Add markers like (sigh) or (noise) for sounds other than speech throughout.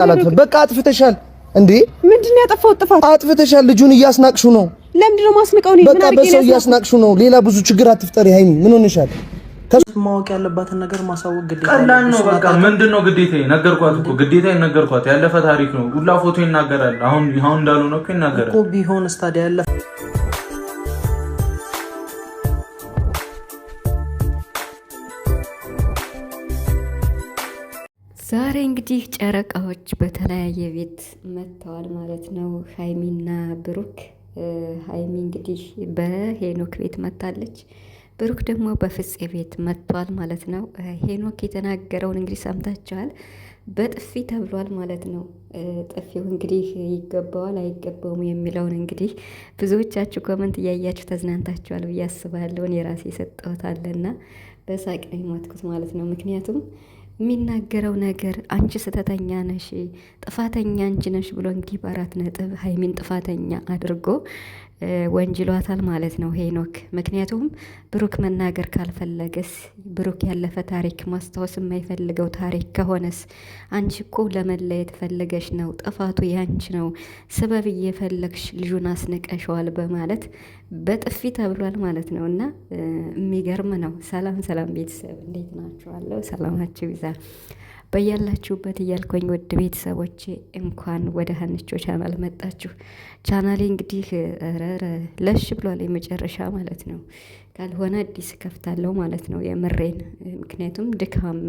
ቃላት በቃ አጥፍተሻል እንዴ! ምንድን ነው ያጠፋው? ጥፋት አጥፍተሻል። ልጁን እያስናቅሹ ነው። ለምንድን ነው ማስነቀው? ነው በቃ በሰው እያስናቅሹ ነው። ሌላ ብዙ ችግር አትፍጠሪ ሃይሚ። ምን ሆነሻል? ማወቅ ያለባትን ነገር ማሳወቅ ግዴታ ቀላል ነው። በቃ ምንድን ነው ግዴታ? ነገርኳት እኮ ግዴታ ነገርኳት። ያለፈ ታሪክ ነው። ሁላ ፎቶ ይናገራል። አሁን አሁን እንዳልሆነ እኮ ይናገራል እኮ ቢሆን ስታዲያ ያለፈ ዛሬ እንግዲህ ጨረቃዎች በተለያየ ቤት መጥተዋል ማለት ነው። ሀይሚና ብሩክ ሀይሚ እንግዲህ በሄኖክ ቤት መታለች፣ ብሩክ ደግሞ በፍጼ ቤት መጥቷል ማለት ነው። ሄኖክ የተናገረውን እንግዲህ ሰምታችኋል። በጥፊ ተብሏል ማለት ነው። ጥፊው እንግዲህ ይገባዋል አይገባውም የሚለውን እንግዲህ ብዙዎቻችሁ ኮመንት እያያችሁ ተዝናንታችኋል ብዬ አስባለሁ። እኔ ራሴ የሰጠሁት አለና በሳቅ ነው የሞትኩት ማለት ነው ምክንያቱም የሚናገረው ነገር አንቺ ስተተኛ ነሽ፣ ጥፋተኛ አንቺ ነሽ ብሎ እንግዲህ በአራት ነጥብ ሀይሚን ጥፋተኛ አድርጎ ወንጅሏታል ማለት ነው ሄኖክ። ምክንያቱም ብሩክ መናገር ካልፈለገስ፣ ብሩክ ያለፈ ታሪክ ማስታወስ የማይፈልገው ታሪክ ከሆነስ፣ አንቺ እኮ ለመለየት ፈለገሽ ነው፣ ጥፋቱ ያንቺ ነው፣ ስበብ እየፈለግሽ ልጁን አስንቀሸዋል በማለት በጥፊ ተብሏል ማለት ነው። እና የሚገርም ነው። ሰላም ሰላም ቤተሰብ እንዴት ናችኋለሁ? ሰላማችሁ ይዛ በያላችሁበት እያልኩኝ ውድ ቤተሰቦቼ እንኳን ወደ ሀንቾ ቻናል መጣችሁ። ቻናሌ እንግዲህ ረረ ለሽ ብሏል የመጨረሻ ማለት ነው። ካልሆነ አዲስ ከፍታለሁ ማለት ነው የምሬን። ምክንያቱም ድካም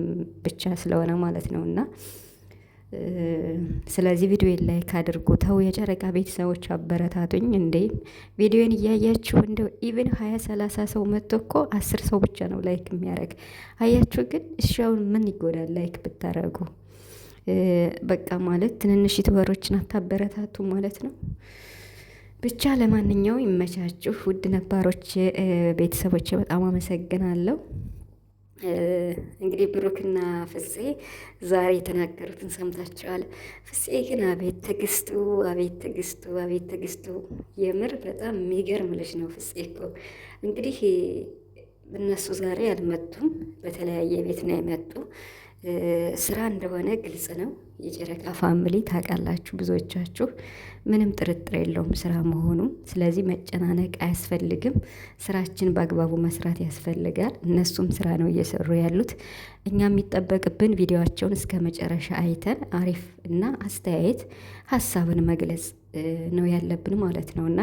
ብቻ ስለሆነ ማለት ነው እና ስለዚህ ቪዲዮን ላይክ አድርጉ። ተው የጨረቃ ቤተሰቦች አበረታቱኝ እንዴ! ቪዲዮን እያያችሁ እንደው ኢቨን ሀያ ሰላሳ ሰው መጥቶ እኮ አስር ሰው ብቻ ነው ላይክ የሚያደርግ አያችሁ። ግን እሻውን ምን ይጎዳል ላይክ ብታረጉ? በቃ ማለት ትንንሽ ዩቱበሮችን አታበረታቱ ማለት ነው። ብቻ ለማንኛው ይመቻችሁ። ውድ ነባሮች ቤተሰቦች በጣም አመሰግናለሁ። እንግዲህ ብሩክና ፍፄ ዛሬ የተናገሩትን ሰምታችኋል። ፍፄ ግን አቤት ትዕግስቱ፣ አቤት ትዕግስቱ፣ አቤት ትዕግስቱ የምር በጣም የሚገርም ልጅ ነው። ፍፄ እኮ እንግዲህ እነሱ ዛሬ አልመጡም፣ በተለያየ ቤት ነው የመጡ ስራ እንደሆነ ግልጽ ነው። የጨረቃ ፋሚሊ ታውቃላችሁ ብዙዎቻችሁ፣ ምንም ጥርጥር የለውም ስራ መሆኑ። ስለዚህ መጨናነቅ አያስፈልግም። ስራችን በአግባቡ መስራት ያስፈልጋል። እነሱም ስራ ነው እየሰሩ ያሉት። እኛ የሚጠበቅብን ቪዲዮቸውን እስከ መጨረሻ አይተን አሪፍ እና አስተያየት ሀሳብን መግለጽ ነው ያለብን ማለት ነው እና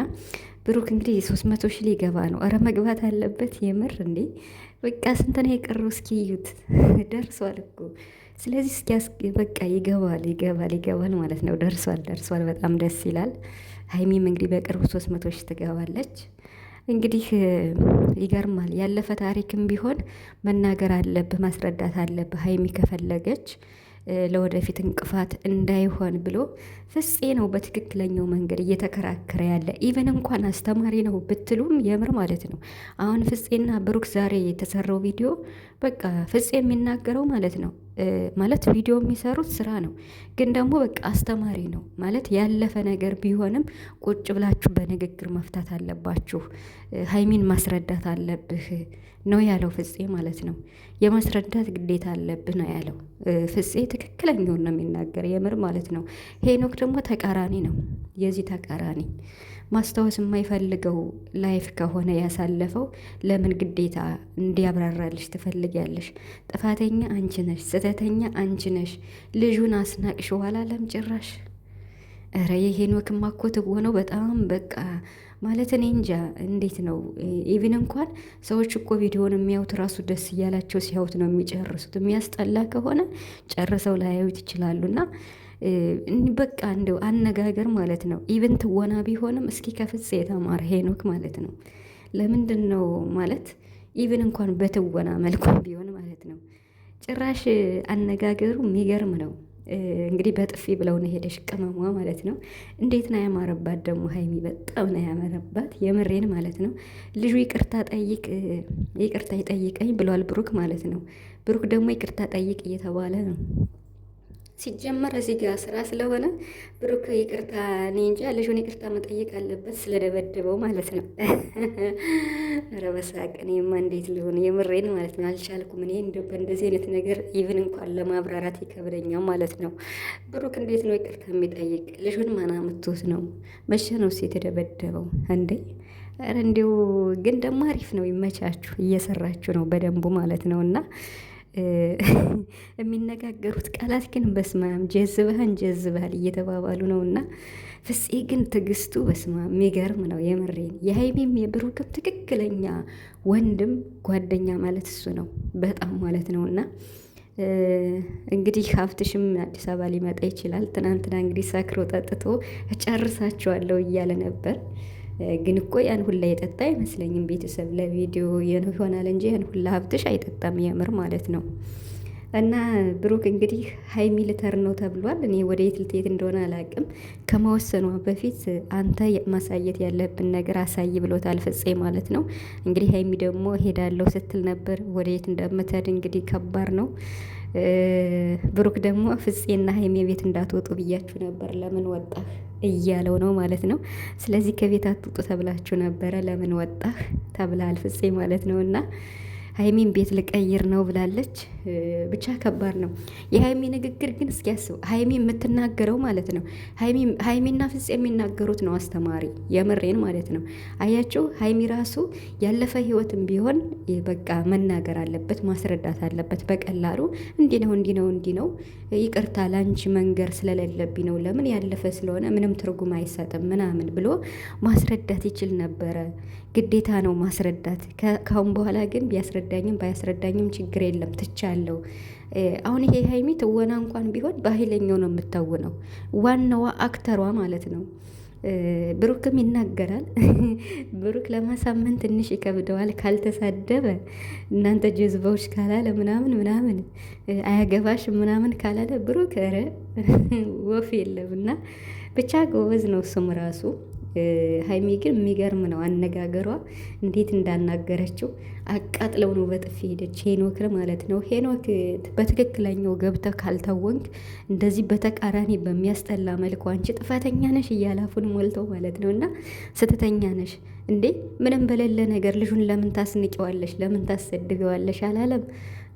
ብሩክ እንግዲህ ሶስት መቶ ሺህ ሊገባ ነው። ኧረ መግባት አለበት የምር እንዴ! በቃ ስንት ነው የቀረው? እስኪ እዩት፣ (laughs) ደርሷል እኮ ስለዚህ እስኪ በቃ ይገባል፣ ይገባል፣ ይገባል ማለት ነው። ደርሷል፣ ደርሷል። በጣም ደስ ይላል። ሀይሚም እንግዲህ በቅርቡ ሶስት መቶ ሺህ ትገባለች። እንግዲህ ይገርማል። ያለፈ ታሪክም ቢሆን መናገር አለብህ፣ ማስረዳት አለብህ ሀይሚ ከፈለገች ለወደፊት እንቅፋት እንዳይሆን ብሎ ፍፄ ነው በትክክለኛው መንገድ እየተከራከረ ያለ። ኢቨን እንኳን አስተማሪ ነው ብትሉም የምር ማለት ነው። አሁን ፍፄና ብሩክ ዛሬ የተሰራው ቪዲዮ በቃ ፍፄ የሚናገረው ማለት ነው ማለት ቪዲዮ የሚሰሩት ስራ ነው፣ ግን ደግሞ በቃ አስተማሪ ነው ማለት ያለፈ ነገር ቢሆንም ቁጭ ብላችሁ በንግግር መፍታት አለባችሁ። ሀይሚን ማስረዳት አለብህ ነው ያለው ፍፄ ማለት ነው። የማስረዳት ግዴታ አለብህ ነው ያለው ፍፄ። ትክክለኛውን ነው የሚናገር የምር ማለት ነው። ሄኖክ ደግሞ ተቃራኒ ነው፣ የዚህ ተቃራኒ ማስታወስ የማይፈልገው ላይፍ ከሆነ ያሳለፈው ለምን ግዴታ እንዲያብራራልሽ ትፈልጊያለሽ? ጥፋተኛ አንቺ ነሽ፣ ስህተተኛ አንቺ ነሽ። ልጁን አስናቅሽ ኋላ ለምጭራሽ እረ ይሄን እኮ ትወነው በጣም በቃ ማለት እኔ እንጃ እንዴት ነው። ኢቭን እንኳን ሰዎች እኮ ቪዲዮን የሚያዩት ራሱ ደስ እያላቸው ሲያዩት ነው የሚጨርሱት። የሚያስጠላ ከሆነ ጨርሰው ላያዩት ይችላሉና በቃ እንደው አነጋገር ማለት ነው። ኢቨን ትወና ቢሆንም እስኪ ከፍጽ የተማረ ሄኖክ ማለት ነው። ለምንድን ነው ማለት ኢቨን እንኳን በትወና መልኩ ቢሆን ማለት ነው። ጭራሽ አነጋገሩ የሚገርም ነው። እንግዲህ በጥፊ ብለው ነው ሄደሽ ቅመሟ ማለት ነው። እንዴት ነው ያማረባት ደግሞ ሀይሚ በጣም ና ያመረባት የምሬን ማለት ነው። ልጁ ይቅርታ ጠይቅ ይቅርታ ይጠይቀኝ ብሏል ብሩክ ማለት ነው። ብሩክ ደግሞ ይቅርታ ጠይቅ እየተባለ ነው። ሲጀመር እዚህ ጋር ስራ ስለሆነ ብሩክ ይቅርታ እኔ እንጃ ልጁን ይቅርታ መጠየቅ አለበት ስለደበደበው ማለት ነው። (laughs) ኧረ በሳቅ እኔማ እንዴት ሊሆን የምሬን ማለት ነው አልቻልኩም። እኔ በእንደዚህ አይነት ነገር ኢቭን እንኳን ለማብራራት ይከብደኛው ማለት ነው። ብሩክ እንዴት ነው ይቅርታ የሚጠይቅ? ልጁን ማና ምቶት ነው መቼ ነው ሴት የተደበደበው እንዴ? ኧረ እንዲሁ ግን ደግሞ አሪፍ ነው። ይመቻችሁ፣ እየሰራችሁ ነው በደንቡ ማለት ነው እና (laughs) የሚነጋገሩት ቃላት ግን በስማም ጀዝበህን ጀዝበሃል እየተባባሉ ነው። እና ፍፄ ግን ትዕግስቱ በስማ የሚገርም ነው። የምሬን የሀይሜም የብሩክም ትክክለኛ ወንድም ጓደኛ ማለት እሱ ነው፣ በጣም ማለት ነው። እና እንግዲህ ሀብትሽም አዲስ አበባ ሊመጣ ይችላል። ትናንትና እንግዲህ ሰክሮ ጠጥቶ እጨርሳችኋለሁ እያለ ነበር። ግን እኮ ያን ሁላ የጠጣ አይመስለኝም። ቤተሰብ ለቪዲዮ ይሆናል እንጂ ያን ሁላ ሀብትሽ አይጠጣም። የምር ማለት ነው። እና ብሩክ እንግዲህ ሀይሚ ልተር ነው ተብሏል። እኔ ወደ የት ልትሄድ እንደሆነ አላውቅም። ከመወሰኗ በፊት አንተ ማሳየት ያለብን ነገር አሳይ ብሎታል ፍፄ ማለት ነው። እንግዲህ ሀይሚ ደግሞ ሄዳለሁ ስትል ነበር። ወደ የት እንደምትሄድ እንግዲህ ከባድ ነው። ብሩክ ደግሞ ፍፄና ሀይሜ ቤት እንዳትወጡ ብያችሁ ነበር፣ ለምን ወጣህ እያለው ነው ማለት ነው። ስለዚህ ከቤት አትውጡ ተብላችሁ ነበረ፣ ለምን ወጣህ ተብላል ፍፄ ማለት ነው እና ሀይሚን ቤት ልቀይር ነው ብላለች። ብቻ ከባድ ነው የሀይሚ ንግግር ግን እስኪያስብ ሀይሚ የምትናገረው ማለት ነው። ሀይሚና ፍጽ የሚናገሩት ነው አስተማሪ የምሬን ማለት ነው። አያችሁ ሀይሚ ራሱ ያለፈ ህይወትም ቢሆን በቃ መናገር አለበት ማስረዳት አለበት። በቀላሉ እንዲህ ነው እንዲህ ነው እንዲህ ነው ይቅርታ ላንቺ መንገር ስለሌለብኝ ነው ለምን ያለፈ ስለሆነ ምንም ትርጉም አይሰጥም ምናምን ብሎ ማስረዳት ይችል ነበረ። ግዴታ ነው ማስረዳት። ከአሁን በኋላ ግን ቢያስረዳ ቢያስረዳኝም ባያስረዳኝም ችግር የለም ትቻለሁ። አሁን ይሄ ሀይሚ ትወና እንኳን ቢሆን በሀይለኛው ነው የምታውነው፣ ዋናዋ አክተሯ ማለት ነው። ብሩክም ይናገራል። (laughs) ብሩክ ለማሳመን ትንሽ ይከብደዋል። ካልተሳደበ እናንተ ጀዝባዎች ካላለ ምናምን ምናምን አያገባሽ ምናምን ካላለ ብሩክ ኧረ (laughs) ወፍ የለም እና ብቻ ጎበዝ ነው ስም ራሱ ሀይሚ ግን የሚገርም ነው አነጋገሯ፣ እንዴት እንዳናገረችው አቃጥለው ነው በጥፊ ሄደች። ሄኖክን ማለት ነው። ሄኖክ በትክክለኛው ገብተ ካልታወንክ እንደዚህ በተቃራኒ በሚያስጠላ መልኩ አንቺ ጥፋተኛ ነሽ እያላፉን ሞልተው ማለት ነው እና ስተተኛ ነሽ እንዴ ምንም በሌለ ነገር ልጁን ለምን ታስንቂዋለሽ? ለምን ታሰድቢዋለሽ? አላለም።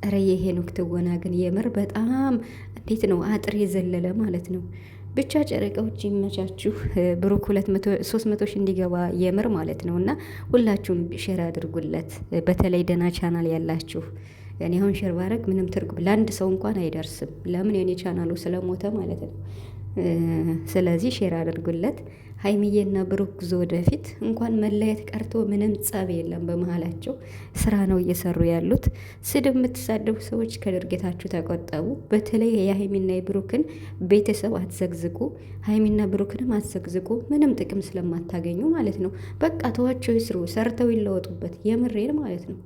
ኧረ የሄኖክ ትወና ግን የምር በጣም እንዴት ነው አጥር የዘለለ ማለት ነው። ብቻ ጨረቃዎች ይመቻችሁ። (laughs) ብሩክ ሁለት ሶስት መቶ እንዲገባ የምር ማለት ነው እና ሁላችሁም ሼር አድርጉለት። በተለይ ደህና ቻናል ያላችሁ እኔ አሁን ሼር ባረግ ምንም ትርጉም ለአንድ ሰው እንኳን አይደርስም። ለምን የኔ ቻናሉ ስለሞተ ማለት ነው። ስለዚህ ሼር አድርጉለት። ሀይሚዬና ብሩክ ጉዞ ወደፊት እንኳን መለየት ቀርቶ ምንም ጸብ የለም በመሀላቸው። ስራ ነው እየሰሩ ያሉት። ስድብ የምትሳደቡ ሰዎች ከድርጊታችሁ ተቆጠቡ። በተለይ የሀይሚና የብሩክን ቤተሰብ አትዘግዝቁ። ሀይሚና ብሩክንም አትዘግዝቁ። ምንም ጥቅም ስለማታገኙ ማለት ነው። በቃ ተዋቸው ይስሩ፣ ሰርተው ይለወጡበት። የምሬን ማለት ነው።